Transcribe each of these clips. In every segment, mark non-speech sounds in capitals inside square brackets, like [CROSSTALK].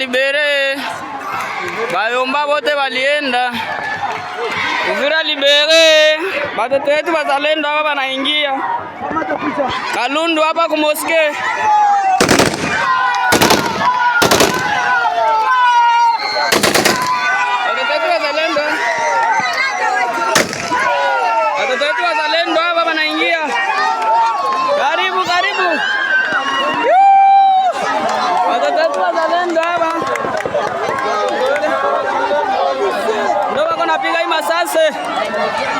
libere, bayomba bote balienda Uvira libere, batoto wetu bazalendo hapa banaingia Kalundu hapa kumoske Thank you.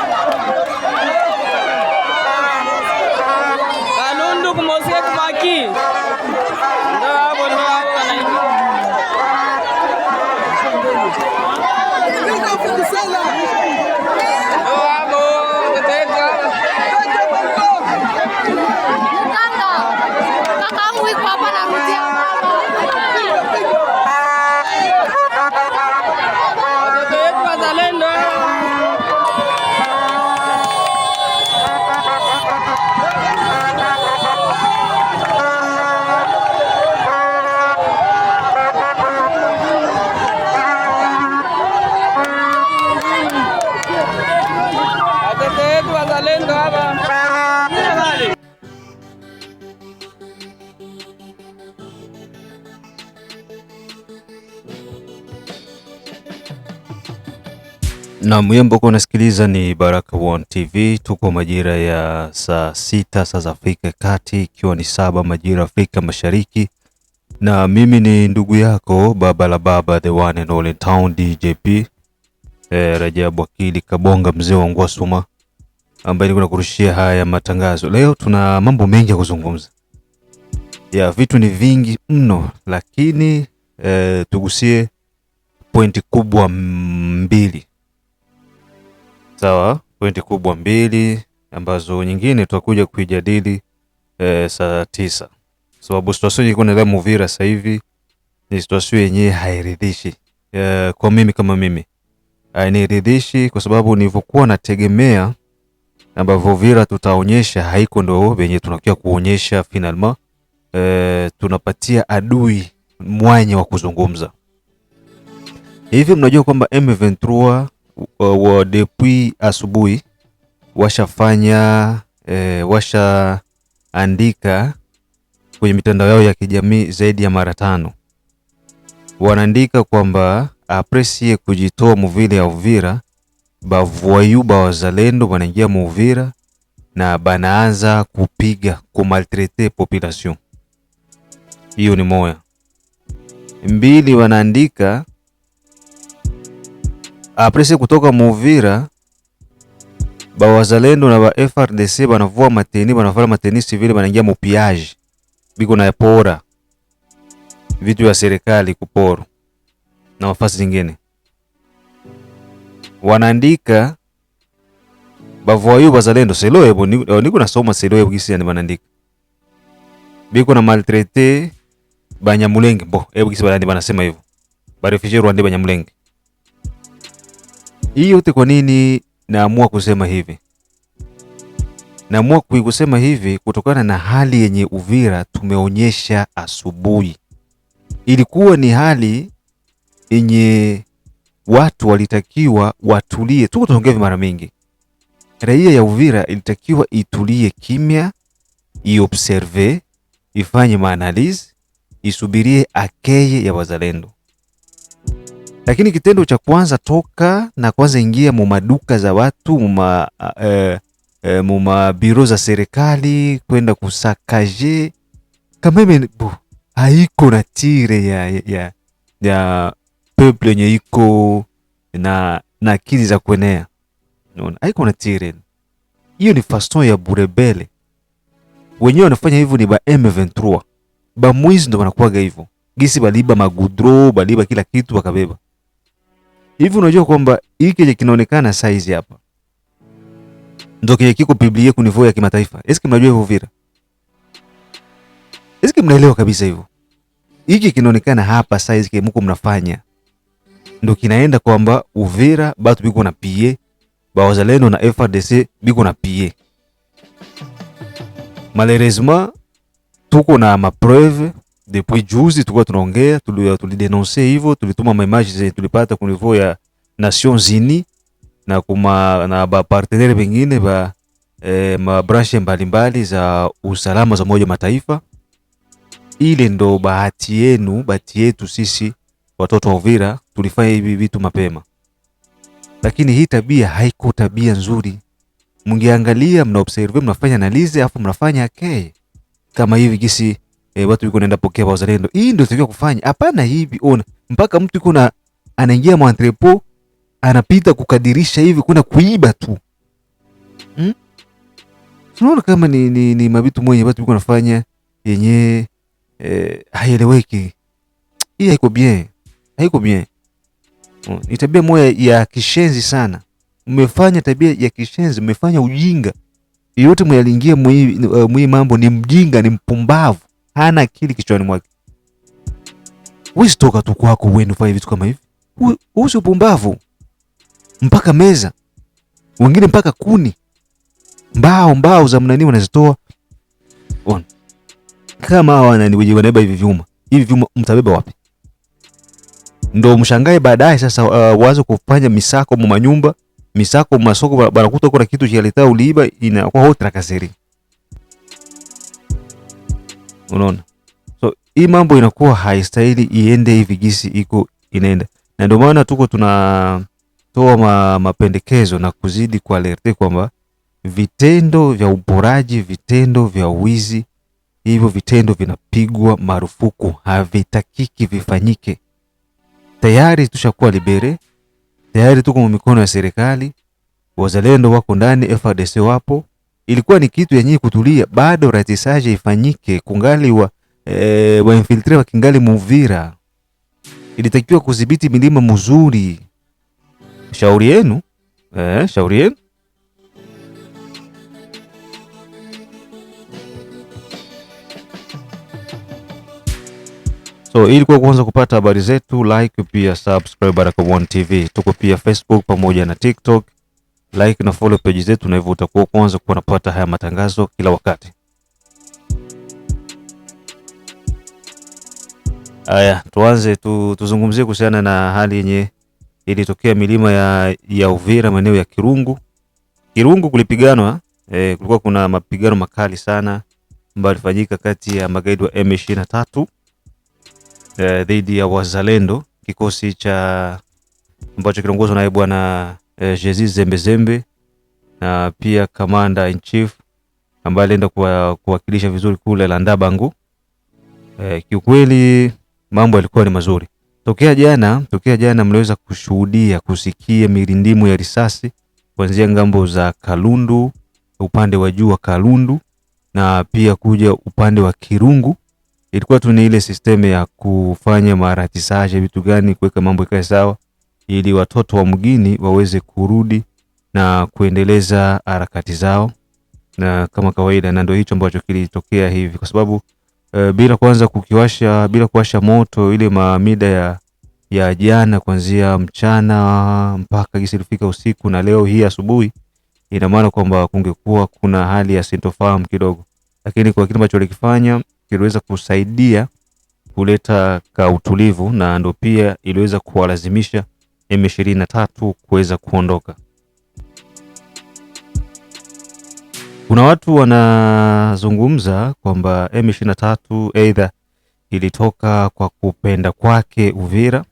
Pete yetu wazalendo hapa. Na myembo kwa unasikiliza ni Baraka One TV, tuko majira ya saa sita saa za Afrika Kati, ikiwa ni saba majira Afrika Mashariki, na mimi ni ndugu yako baba la baba, the one and only town DJP, eh, Rajabu Akili Kabonga, mzee wa Ngwasuma ambaye niko nakurushia haya matangazo. Leo tuna mambo mengi ya kuzungumza, ya vitu ni vingi mno, lakini e, tugusie pointi kubwa mbili, sawa? Pointi kubwa mbili ambazo nyingine tutakuja kuijadili e, eh, saa tisa, sababu situasio ilikuwa inaendelea Muvira sasa hivi ni situasio yenyewe hairidhishi e, kwa mimi kama mimi hainiridhishi, kwa sababu nilivyokuwa nategemea ambavyo Vira tutaonyesha haiko ndo venye tunakia kuonyesha finalement. E, tunapatia adui mwanya wa kuzungumza hivi. Mnajua kwamba M23 wa depuis asubuhi washafanya e, eh, washaandika kwenye mitandao yao ya kijamii zaidi ya mara tano, wanaandika kwamba apresie kujitoa muvile ya Uvira bavoyu wazalendo banaingia Muvira na banaanza kupiga kumaltrete population. Hiyo ni moya. Mbili, wanaandika aprese kutoka Muvira bawazalendo na ba FRDC banavua mateni, banafala mateni civile, banaingia mupiage, biko na pora vitu ya serikali kuporo na mafasi zingine wanaandika bavoayo bazalendo selo ebo niko eh, nasoma selo ebo kisi yani banandika biko na maltraite banyamulenge bo ebo eh, kisi balandi banasema hivyo barefugee Rwanda banyamulenge. Hii yote kwa nini naamua kusema hivi? Naamua kuikusema hivi kutokana na hali yenye Uvira tumeonyesha asubuhi. Ilikuwa ni hali yenye watu walitakiwa watulie. Tuko tunaongea mara mingi, raia ya Uvira ilitakiwa itulie kimya, iobserve, ifanye maanalizi, isubirie akeye ya wazalendo. Lakini kitendo cha kwanza toka na kwanza ingia mu maduka za watu muma, uh, eh, eh muma biro za serikali kwenda kusakaje kameme bu, haiko na tire ya, ya, ya peuple yenye iko na na akili za kuenea, unaona haiko na tiren. Hiyo ni fason ya burebele, wenyewe wanafanya hivyo ni ba M23 ba mwizi, ndo wanakuwaga hivyo gisi, baliba magudro, baliba kila kitu wakabeba hivi. Unajua kwamba hiki kenye kinaonekana size hapa ndo kenye kiko biblia ku niveau ya kimataifa. Eske mnajua hivyo vira? Eske mnaelewa kabisa hivyo? Hiki kinaonekana hapa size kile mko mnafanya ndo kinaenda kwamba Uvira batu biko na pie bawazalendo na frdc biko na pie. Malheureusement tuko na mapreuve depuis juzi, tuko tunaongea, tulidenonce hivyo, tulituma maimage zenye tulipata ku niveau ya Nations Unies na kuma na ba partenaire bengine ba eh, mabranche mbalimbali za usalama za Umoja Mataifa. Ile ndo bahati yenu, bahati yetu sisi watoto wa Uvira tulifanya hivi vitu mapema, lakini hii tabia haiko tabia nzuri. Mngeangalia, mna observe, mnafanya analize, afu mnafanya okay, kama hivi gisi eh, watu wiko naenda pokea wa wazalendo. Hii ndio tunataka kufanya, hapana hivi. Ona mpaka mtu yuko na anaingia mwa entrepo anapita kukadirisha hivi, kuna kuiba tu hmm? Tunaona kama ni, ni, ni mabitu mwenye watu wiko nafanya yenye eh, haieleweki. Hii haiko bien haiko bien. Mm, ni tabia moja ya kishenzi sana. Mmefanya tabia ya kishenzi, mmefanya ujinga. Yote mwalingia eh, mwi mambo ni mjinga, ni mpumbavu, hana akili kichwani mwake. Wezi toka tu kwako uende ufanye vitu kama hivi. Wewe si upumbavu. Mpaka meza. Wengine mpaka kuni. Mbao mbao za mnani wanazitoa. Kama hawa wanani wanabeba hivi vyuma. Hivi vyuma mtabeba wapi? ndo mshangae baadaye sasa, uh, waanze kufanya misako mu manyumba, misako mu masoko, barakuta kuna kitu cha leta uliiba, inakuwa hotra kaseri Unaona, so hii mambo inakuwa haistahili iende hivi gisi iko inaenda, na ndio maana tuko tunatoa ma, mapendekezo na kuzidi kwa kualerte kwamba vitendo vya uporaji, vitendo vya uwizi, hivyo vitendo vinapigwa marufuku, havitakiki vifanyike tayari tushakuwa libere, tayari tuko mikono ya serikali, wazalendo wako ndani, FARDC wapo. Ilikuwa ni kitu yenye kutulia, bado ratisaje ifanyike, kungali wa e, wa infiltrate wa kingali Muvira, ilitakiwa kudhibiti milima mzuri. Shauri yenu eh, shauri yenu. So ili kwa kwanza kupata habari zetu, like pia subscribe baraka One TV. Tuko pia Facebook pamoja na TikTok, like na follow page zetu, na hivyo utakuwa kwanza kuwa napata haya matangazo kila wakati. Aya, tuanze tu, tuzungumzie kuhusiana na hali yenye ilitokea milima ya, ya Uvira maeneo ya Kirungu. Kirungu kulipiganwa eh, kulikuwa kuna mapigano makali sana ambayo yalifanyika kati ya magaidi wa M23 Eh, dhidi ya wazalendo kikosi cha ambacho kinaongozwa naye bwana eh, Jesus Zembe Zembe na pia kamanda in chief ambaye alienda kuwakilisha vizuri kule Bangu. Eh, kiukweli mambo yalikuwa ni mazuri tokea jana. Tokea jana mliweza kushuhudia kusikia mirindimu ya risasi kuanzia ngambo za Kalundu upande wa juu wa Kalundu na pia kuja upande wa Kirungu ilikuwa tu ni ile sisteme ya kufanya maratisaje vitu gani, kuweka mambo ikae sawa, ili watoto wa mgini waweze kurudi na kuendeleza harakati zao na kama kawaida, na ndio hicho ambacho kilitokea hivi, kwa sababu e, bila kwanza kukiwasha, bila kuwasha moto ile maamida ya ya jana kuanzia mchana mpaka gisi ilifika usiku na leo hii asubuhi, ina maana kwamba kungekuwa kuna hali ya sintofahamu kidogo, lakini kwa kile ambacho walikifanya kiliweza kusaidia kuleta ka utulivu na ndo pia iliweza kuwalazimisha M23 kuweza kuondoka. Kuna watu wanazungumza kwamba M23 aidha ilitoka kwa kupenda kwake Uvira,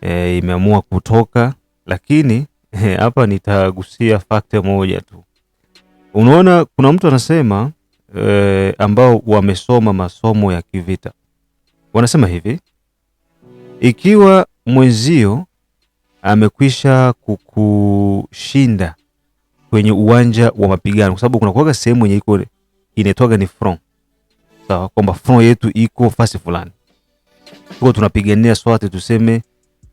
e, imeamua kutoka, lakini e, hapa nitagusia fakta moja tu. Unaona, kuna mtu anasema eh, ambao wamesoma masomo ya kivita wanasema hivi: ikiwa mwenzio amekwisha kukushinda kwenye uwanja wa mapigano, kwa sababu kuna kuwaga sehemu yenye iko inaitwaga ni front, sawa, kwamba front yetu iko fasi fulani, tuko tunapigania swate, tuseme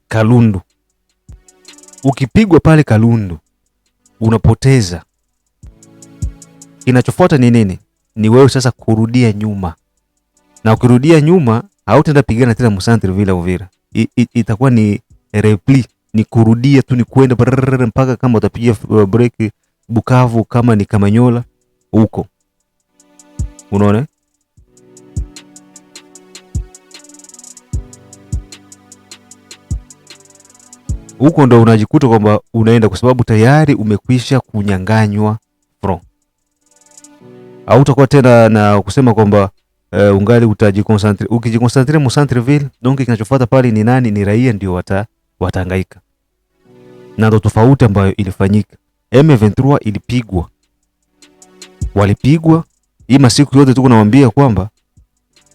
Kalundu. Ukipigwa pale Kalundu unapoteza, kinachofuata ni nini? ni wewe sasa kurudia nyuma, na ukirudia nyuma hautaenda pigana tena Msantre Villa Uvira, itakuwa ni repli, ni kurudia tu, ni kwenda mpaka kama utapiga uh, break Bukavu, kama ni Kamanyola huko, unaona huko ndo unajikuta kwamba unaenda kwa sababu tayari umekwisha kunyanganywa au utakuwa tena na kusema kwamba uh, ungali utajiconcentre. Ukijiconcentre mu centre ville, donc kinachofuata pale ni nani? Ni raia ndio wata watahangaika, na ndo tofauti ambayo ilifanyika. M23 ilipigwa, walipigwa hii masiku yote tu kunawambia kwamba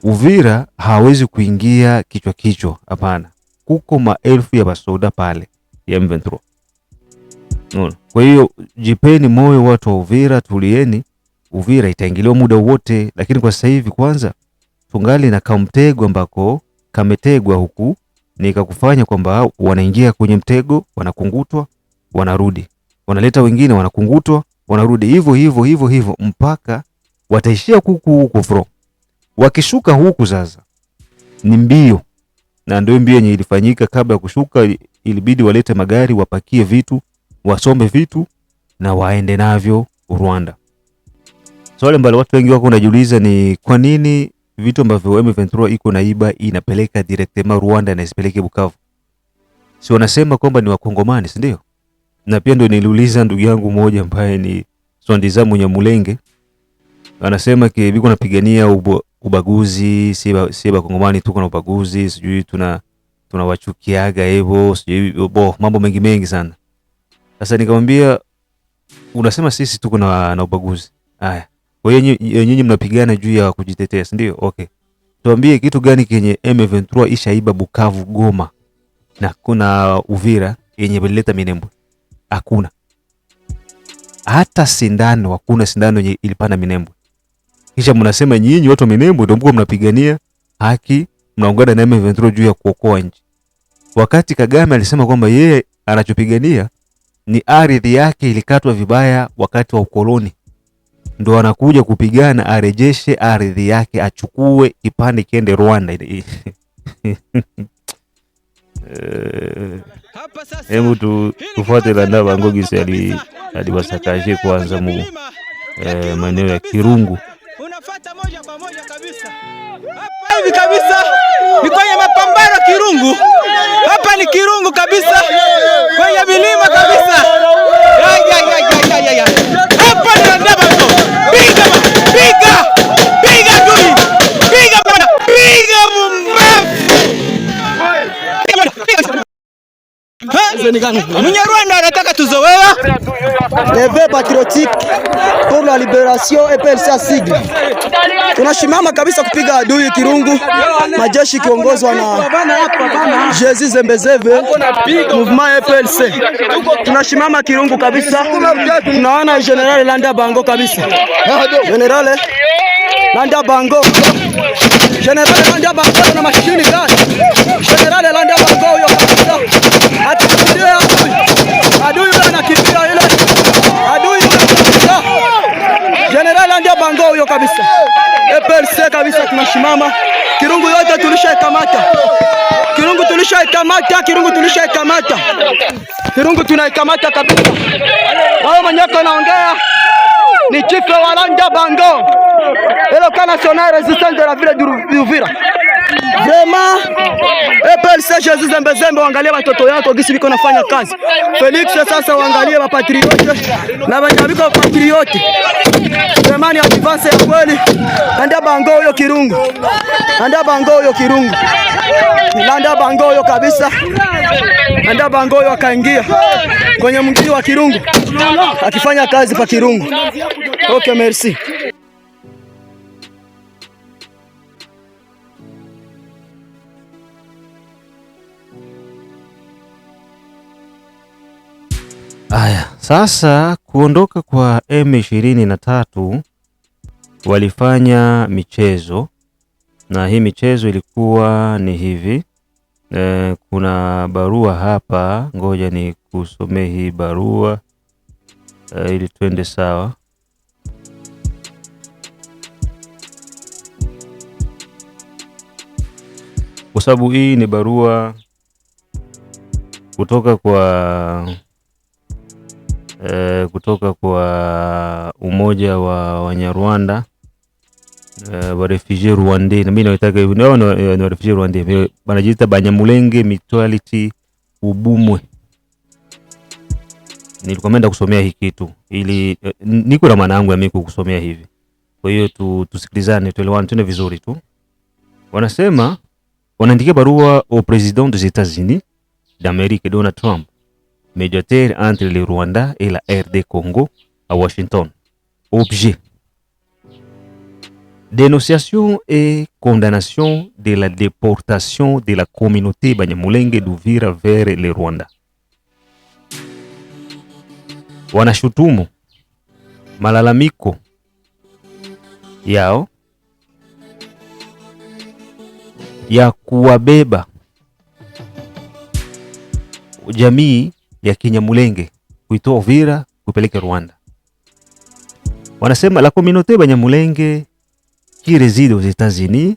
Uvira hawezi kuingia kichwa kichwa, hapana. Kuko maelfu ya basoda pale ya M23. Kwa hiyo jipeni moyo watu wa Uvira, tulieni Uvira itaingiliwa muda wote, lakini kwa sasa hivi kwanza tungali na kamtego ambako kametegwa huku, nikakufanya kwamba wanaingia kwenye mtego, wanakungutwa, wanarudi, wanaleta wengine, wanakungutwa, wanarudi, hivyo hivyo hivyo hivyo mpaka wataishia kuku huko fro. Wakishuka huku sasa ni mbio, na ndio mbio yenye ilifanyika kabla ya kushuka. Ilibidi walete magari, wapakie vitu, wasombe vitu na waende navyo Rwanda. Swali ambalo watu wengi wako wanajiuliza ni kwa nini vitu ambavyo M Ventura iko naiba inapeleka direct ma Rwanda na isipeleke Bukavu? Si wanasema kwamba ni Wakongomani, si ndio? Na pia ndio niliuliza ndugu yangu mmoja ambaye ni Sondiza Munyamulenge anasema ke biko napigania ubaguzi, si kongomani tuko na ubaguzi, sijui tuna tunawachukiaga hivyo, sijui bo, mambo mengi mengi sana. Sasa nikamwambia unasema sisi tuko na, na ubaguzi haya kwa hiyo eh, nyinyi mnapigana juu ya kujitetea, si ndio? Okay, tuambie kitu gani kenye M23 ishaiba Bukavu, Goma na kuna Uvira yenye ilileta Minembwe? Hakuna hata sindano, hakuna sindano yenye ilipana Minembwe. Kisha mnasema nyinyi watu wa Minembwe ndio mko mnapigania haki, mnaungana na M23 juu ya kuokoa nchi, wakati Kagame alisema kwamba yeye anachopigania ni ardhi yake ilikatwa vibaya wakati wa ukoloni ndo anakuja kupigana arejeshe ardhi yake achukue kipande kiende Rwanda. [LAUGHS] Eh. Hebu tu tufuate landa Ndaba ali aliwasakaje kwanza mu eh, maeneo ya Kirungu hivi kabisa ni kwenye mapambano Kirungu. Hapa ni Kirungu kabisa, kwenye milima kabisa. Hapa ni Munyarwanda anataka tuzowewa leve patriotique pour la liberation EPLC sigle. Tunashimama kabisa kupiga adui Kirungu, majeshi kiongozwa na Jezi Zembezeve, mouvement EPLC. Tunashimama Kirungu kabisa, tunaona General Landa Bango kabisa, General eh? Landa Bango General Landa Bango na mashini gani? General Landa Bango cabeça. kabisa, tunasimama kirungu yote tulishaikamata, kirungu tulishaikamata, kirungu tulishaikamata, kirungu tunaikamata kabisa. Wao manyako naongea ni chifu wa Walanja Bango elo eloka national resistance de la ville d'Uvira. Vraiment EPLC eh, Jesus zembe zembe, waangalie watoto yako gisi biko nafanya kazi. Felix sasa waangalie wapatriote na wanyabiko wapatriote, vraiment ni advance ya kweli nanda Bango bangoyo kirungu anda bangoyo kirungu nanda bangoyo kabisa anda bangoyo akaingia kwenye mgini wa kirungu akifanya kazi pa kirungu. Okay, merci. Aya, sasa kuondoka kwa M23 walifanya michezo na hii michezo ilikuwa ni hivi e, kuna barua hapa, ngoja ni kusomee hii barua e, ili twende sawa. Kwa sababu hii ni barua kutoka kwa e, kutoka kwa Umoja wa Wanyarwanda uh, eh, warefugee na mimi naitaka hivyo, nao ni eh, warefugee Rwanda, eh, wanajiita Banyamulenge Mutuality Ubumwe. Nilikuwa naenda kusomea hii kitu ili niko na maana yangu ya mimi kusomea hivi. Kwa hiyo tu, tusikilizane tuelewane, tuende vizuri tu. Wanasema wanaandikia barua au president des états unis d'Amérique Donald Trump, médiateur entre le Rwanda et la RD Congo à Washington. Objet Dénonciation et condamnation de la déportation de la communauté Banyamulenge d'Uvira vers le Rwanda. Wanashutumu malalamiko yao ya kuwabeba jamii ya Kinyamulenge kuitoa Uvira kuipeleka Rwanda. Wanasema la communauté Banyamulenge qui réside aux États-Unis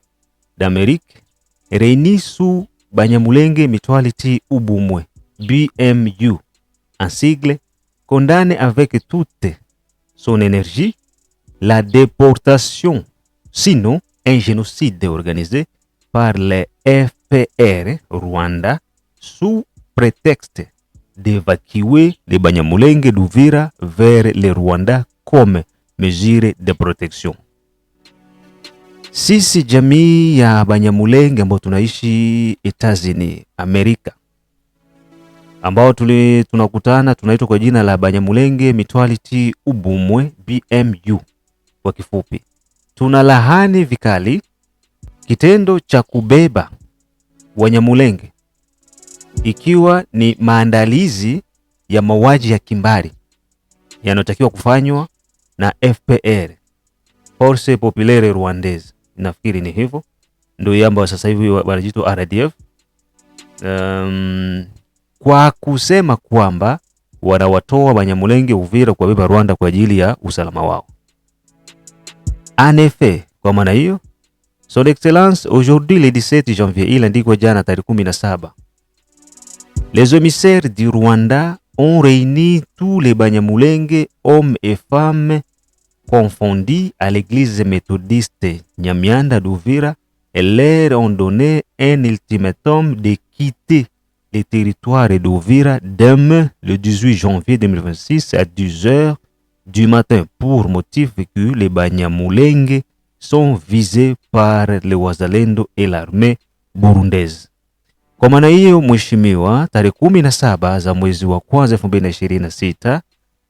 d'Amérique réunis sous Banyamulenge Mutuality Ubumwe BMU en sigle, condamne avec toute son énergie la déportation, sinon un génocide organisé par les FPR Rwanda sous prétexte d'évacuer les Banyamulenge d'Uvira vers le Rwanda comme mesure de protection. Sisi jamii ya Banyamulenge ambao tunaishi Etazini Amerika, ambao tuli, tunakutana tunaitwa kwa jina la Banyamulenge Mitwaliti Ubumwe BMU kwa kifupi, tuna lahani vikali kitendo cha kubeba Wanyamulenge ikiwa ni maandalizi ya mauaji ya kimbari yanayotakiwa kufanywa na FPR Force Populaire Rwandaise nafikiri ni hivyo ndio yamba sasa hivi wanajiitwa RDF. Um, kwa kusema kwamba wanawatoa Banyamulenge Uvira kuwabeba Rwanda kwa ajili ya usalama wao anefe. Kwa maana hiyo Son Excellence aujourd'hui le 17 janvier, iliandikwa jana tarehe 17, les émissaires du Rwanda ont reuni tous les Banyamulenge hommes et femmes confondit à l'église méthodiste Nyamianda d'Ouvira, leur ont donné un ultimatum de quitter les territoires d'Ouvira demain, le 18 janvier 2026, à 10 heures du matin, pour motif que les Banyamulenge sont visés par les Wazalendo et l'armée burundaise. Kwa maana hiyo, mheshimiwa, tarehe 17 za mwezi wa kwanza 2026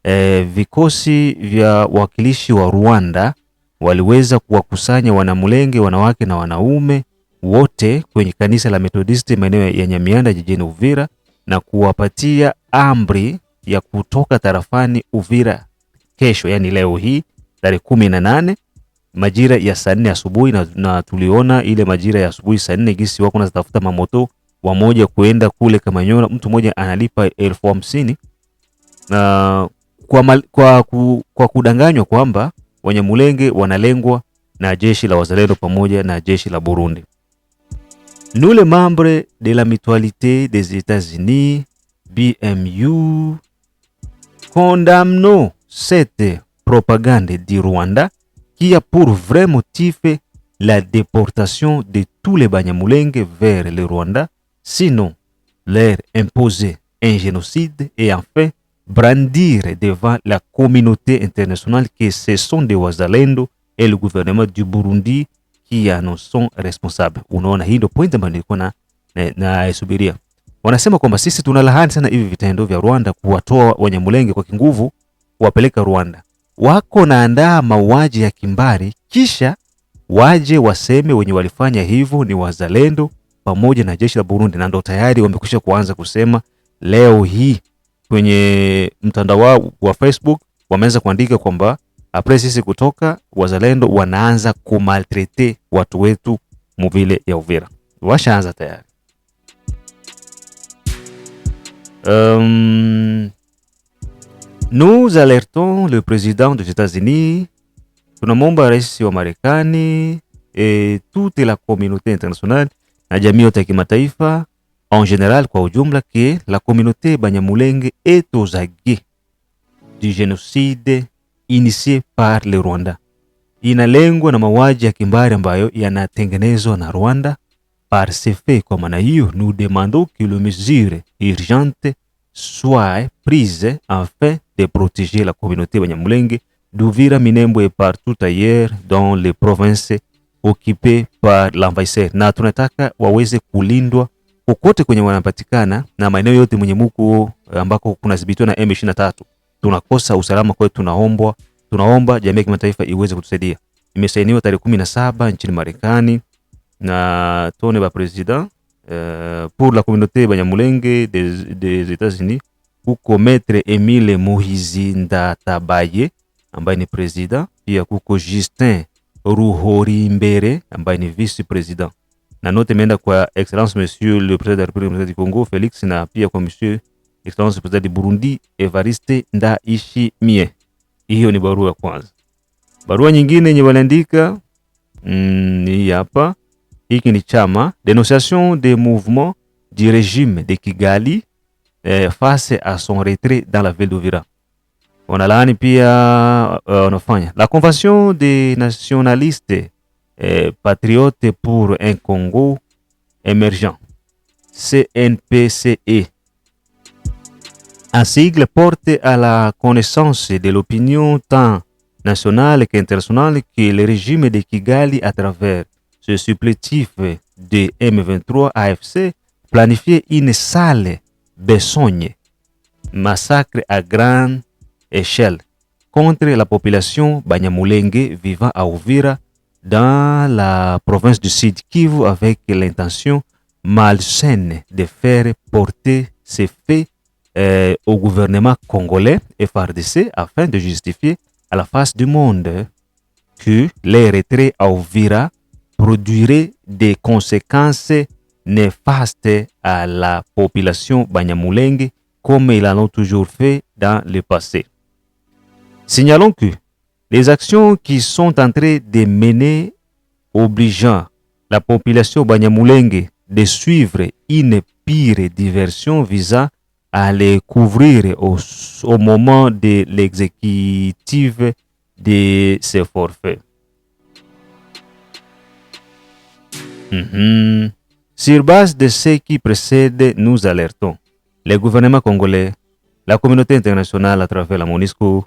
e, vikosi vya wakilishi wa Rwanda waliweza kuwakusanya wanamulenge wanawake na wanaume wote kwenye kanisa la Methodisti maeneo ya Nyamianda jijini Uvira na kuwapatia amri ya kutoka tarafani Uvira kesho, yani leo hii tarehe kumi na nane majira ya saa nne asubuhi na, na tuliona ile majira ya asubuhi saa nne gisi wako nazitafuta mamoto wamoja kuenda kule Kamanyola, mtu mmoja analipa elfu hamsini na kwa, mal, kwa, ku, kwa kudanganywa kwamba Wanyamulenge wanalengwa na jeshi la wazalendo pamoja na jeshi la Burundi. Nule les de la mutualité des États-Unis BMU condamnons cette propagande du Rwanda qui a pour vrai motif la déportation de tous les Banyamulenge vers le Rwanda, sinon leur imposer un génocide et enfin brandir devant la communauté internationale que ce sont des wazalendo et le gouvernement du Burundi kia no son responsable. Unaona, hii ndio point ambayo nilikuwa naisubiria. Na subiria. wanasema kwamba sisi tunalaani sana hivi vitendo vya Rwanda kuwatoa Wanyamulenge kwa kinguvu kuwapeleka Rwanda. Wako naandaa mauaji ya kimbari, kisha waje waseme wenye walifanya hivyo ni wazalendo pamoja na jeshi la Burundi, na ndo tayari wamekwisha kuanza kusema leo hii kwenye mtandao wao wa Facebook wameanza kuandika kwamba apres sisi kutoka wazalendo wanaanza kumaltrete watu wetu muvile ya Uvira, washaanza tayari. Um, nous alertons le président des États-Unis, tunamwomba rais wa Marekani, e, toute la communauté internationale na jamii yote ya kimataifa en général kwa ujumla que la communauté Banyamulenge est aux aguets du génocide initié par le Rwanda. Inalengwa na mauaji ya kimbari ambayo yanatengenezwa na Rwanda par ce fait. Kwa maana hiyo, nous demandons que les mesures urgentes soient prises afin de protéger la communauté Banyamulenge d'Uvira, Minembwe et partout ailleurs dans les provinces occupées par l'envahisseur, na tunataka waweze kulindwa kokote kwenye wanapatikana na maeneo yote mwenye muku eh, ambako kunadhibitiwa na M23 tunakosa usalama. Kwa hiyo tunaombwa, tunaomba jamii ya kimataifa iweze kutusaidia. Imesainiwa tarehe saba nchini Marekani na tone ba president uh, pour la communauté banyamulenge des, des états unis kuko maître Emile Muhizi Ndatabaye ambaye ni president, pia kuko Justin Ruhorimbere ambaye ni vice president na note excellence monsieur le Président de la République du Congo Félix, na monsieur le Président du Burundi Evariste Ndayishimiye. Hiyo ni barua ya kwanza. Barua nyingine mm, chama dénonciation des mouvements du régime de Kigali eh, face à son retrait dans la ville d'Uvira. Wanalaani pia eh, wanafanya la convention des nationalistes eh, patriote pour un Congo émergent, CNPCE. Un sigle porte à la connaissance de l'opinion tant nationale qu'internationale que le régime de Kigali à travers ce supplétif de M23 AFC planifiait une sale besogne, massacre à grande échelle contre la population banyamulenge vivant à Ouvira dans la province du Sud Kivu avec l'intention malsaine de faire porter ces faits euh, au gouvernement congolais et FRDC afin de justifier à la face du monde que les retraits au Vira produiraient des conséquences néfastes à la population banyamulenge comme ils l'ont toujours fait dans le passé. Signalons que les actions qui sont en train de mener obligeant la population Banyamulenge de suivre une pire diversion visant à les couvrir au, moment de l'exécutive de ces forfaits. Mhm. Sur base de ce qui précède, nous alertons le gouvernement congolais, la communauté internationale à travers la MONUSCO,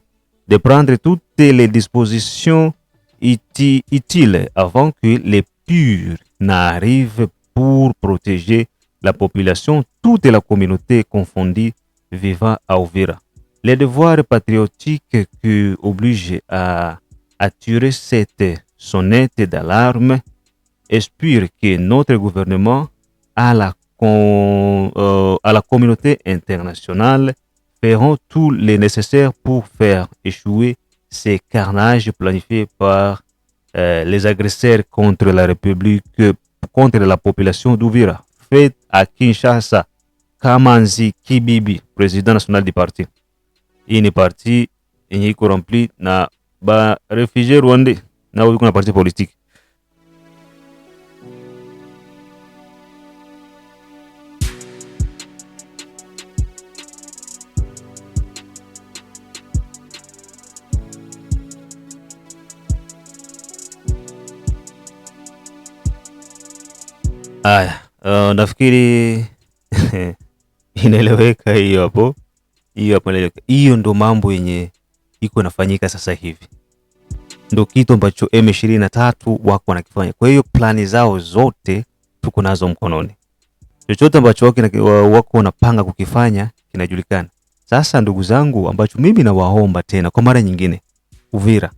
de prendre toutes les dispositions utiles avant que les purs n'arrivent pour protéger la population, toute la communauté confondue vivant à Ouvira. Les devoirs patriotiques qui obligent à attirer cette sonnette d'alarme espèrent que notre gouvernement à la, euh, à la communauté internationale feront tout le nécessaire pour faire échouer ces carnages planifiés par euh, les agresseurs contre la République, contre la population d'Ouvira. Fait à Kinshasa, Kamanzi Kibibi, président national du parti. Il est parti il est rempli na ba réfugié rwandais na aucune partie parti politique Haya, uh, nafikiri [LAUGHS] inaeleweka hiyo hapo, hiyo hapo inaeleweka. Hiyo ndo mambo yenye iko nafanyika sasa hivi, ndo kitu ambacho M23 wako wanakifanya. Kwa hiyo plani zao zote tuko nazo mkononi, chochote ambacho wako wanapanga kukifanya kinajulikana. Sasa ndugu zangu, ambacho mimi nawaomba tena kwa mara nyingine, Uvira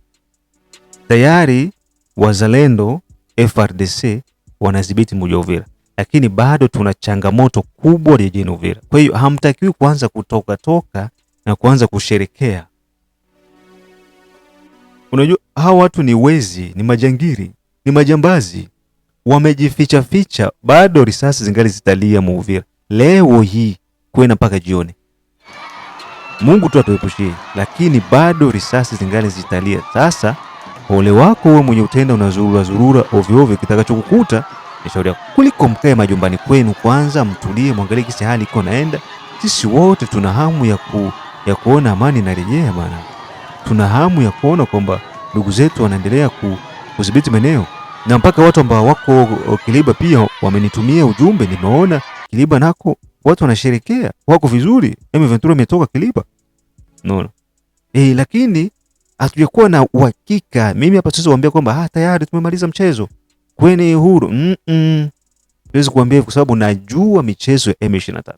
tayari wazalendo FRDC wanadhibiti mji wa Uvira, lakini bado tuna changamoto kubwa jijini Uvira. Kwa hiyo hamtakiwi kuanza kutoka toka na kuanza kusherekea. Unajua hawa watu ni wezi, ni majangiri, ni majambazi, wamejificha ficha, bado risasi zingali zitalia muuvira leo hii kwenda mpaka jioni. Mungu tu atuepushie, lakini bado risasi zingali zitalia sasa Ole wako wewe mwenye utenda unazurura zurura ovyo ovyo, kitakachokukuta nishauri kuliko mkae majumbani kwenu, kwanza mtulie, mwangalie kisi hali iko naenda. Sisi wote tuna hamu ya, ku, ya kuona amani inarejea bana, tuna hamu ya kuona kwamba ndugu zetu wanaendelea kudhibiti maeneo na mpaka watu ambao wako Kiliba pia wamenitumia ujumbe, nimeona Kiliba nako watu wanasherekea, wako vizuri. Ventura imetoka Kiliba, unaona eh, lakini hatujakuwa na uhakika. Mimi hapa siwezi kuambia kwamba ah, tayari tumemaliza mchezo kweni huru, mm -mm. Siwezi kuambia kwa sababu najua michezo ya M23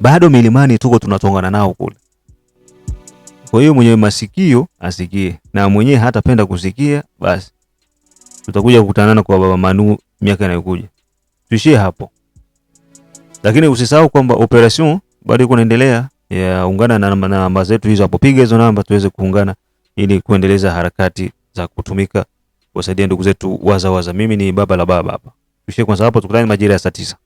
bado milimani tuko tunatongana nao kule. Kwa hiyo mwenye masikio asikie na mwenye hatapenda kusikia basi tutakuja kukutanana kwa Baba Manu miaka inayokuja, tuishie hapo, lakini usisahau kwamba operation bado iko inaendelea ya ungana na namba zetu hizo hapo, piga hizo namba tuweze kuungana ili kuendeleza harakati za kutumika kusaidia ndugu zetu waza waza. Mimi ni baba la baba hapa, tuishie kwanza hapo, tukutane majira ya saa tisa.